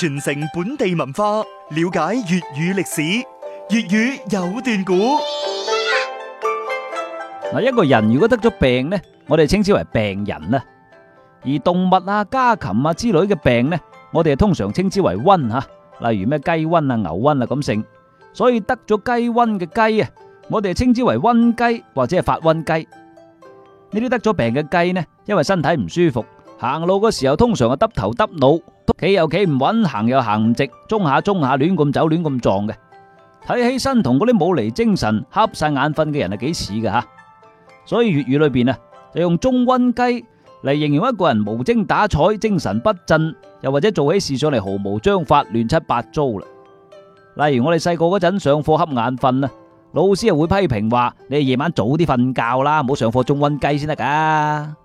傳承本地文化，了解粵語歷史，粵語有段古。嗱，一個人如果得咗病呢，我哋稱之為病人啦。而動物啊、家禽啊之類嘅病呢，我哋通常稱之為瘟吓、啊，例如咩雞瘟啊、牛瘟啊咁聲。所以得咗雞瘟嘅雞啊，我哋稱之為瘟雞或者係發瘟雞。呢啲得咗病嘅雞呢，因為身體唔舒服。行路嘅時候通常係耷頭耷腦，企又企唔穩，行又行唔直，舂下舂下亂咁走，亂咁撞嘅，睇起身同嗰啲冇離精神、瞌晒眼瞓嘅人係幾似嘅吓，所以粵語裏邊啊就用舂瘟雞，嚟形容一個人無精打采、精神不振，又或者做起事上嚟毫無章法、亂七八糟啦。例如我哋細個嗰陣上課瞌眼瞓啊，老師又會批評話：你夜晚早啲瞓覺啦，唔好上課舂瘟雞先得噶。